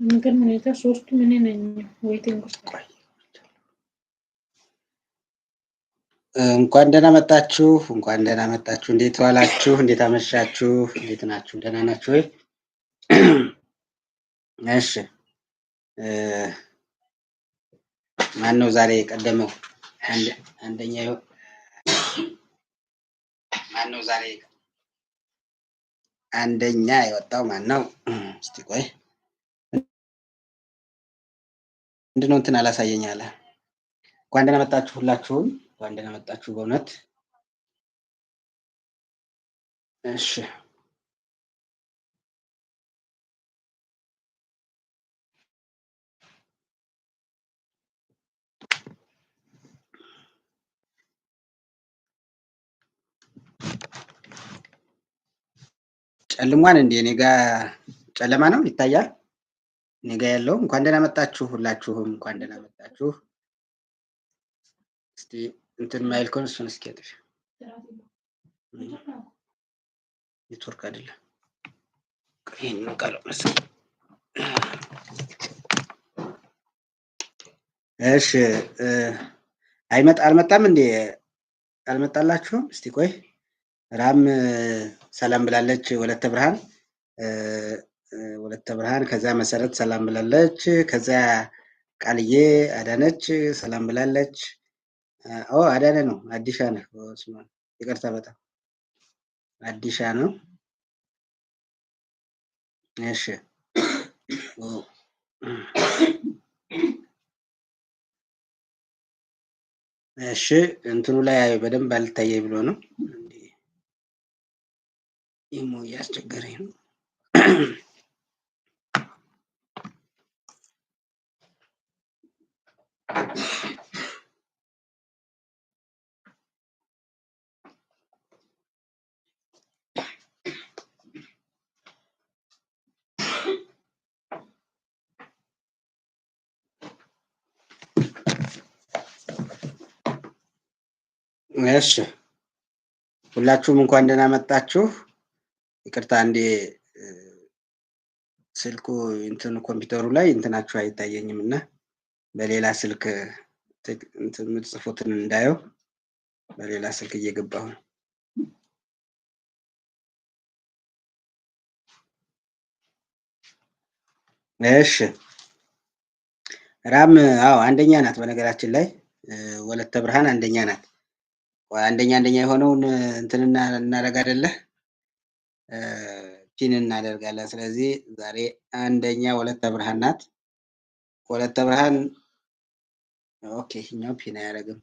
በሚገርም ሁኔታ ሶስቱም እኔ ነኝ። ዌይቲንግ ውስጥ እንኳን ደህና መጣችሁ፣ እንኳን ደህና መጣችሁ። እንዴት ዋላችሁ? እንዴት አመሻችሁ? እንዴት ናችሁ? ደህና ናችሁ ወይ? እሺ፣ ማን ነው ዛሬ የቀደመው? አንደኛ ማን ነው ዛሬ አንደኛ የወጣው? ማን ነው? እስቲ ቆይ ምንድነው እንትን አላሳየኝ አለ። እንኳን ደህና መጣችሁ ሁላችሁም፣ እንኳን ደህና መጣችሁ በእውነት እሺ። ጨልሟን እንዴ? እኔ ጋ ጨለማ ነው ይታያል። እኔ ጋ ያለው እንኳን ደህና መጣችሁ ሁላችሁም እንኳን ደህና መጣችሁ። እስቲ እንትን ማይል ከሆነ እሱን እስኪ ኔትወርክ አይደለም ይህን ቃለው መስ እሺ አይመጣ አልመጣም እንዴ አልመጣላችሁም? እስቲ ቆይ ራም ሰላም ብላለች። ወለተ ብርሃን ወለተ ብርሃን ከዛ መሰረት ሰላም ብላለች። ከዛ ቃልዬ አዳነች ሰላም ብላለች። ኦ አዳነ ነው አዲሻ ነው። ይቅርታ በጣም አዲሻ ነው። እሺ እሺ እንትኑ ላይ በደንብ አልታየ ብሎ ነው ይሞ እያስቸገረኝ ነው። እሺ ሁላችሁም እንኳን ደህና መጣችሁ። ይቅርታ እንዴ ስልኩ እንትኑ ኮምፒውተሩ ላይ እንትናችሁ አይታየኝም እና በሌላ ስልክ የምትጽፉትን እንዳየው በሌላ ስልክ እየገባሁ ነው። እሺ ራም አዎ አንደኛ ናት። በነገራችን ላይ ወለተ ብርሃን አንደኛ ናት። አንደኛ አንደኛ የሆነውን እንትን እናደርግ አይደለ? ፒን እናደርጋለን። ስለዚህ ዛሬ አንደኛ ወለተ ብርሃን ናት። ወለተ ብርሃን ኦኬ፣ ፒን አያደርግም።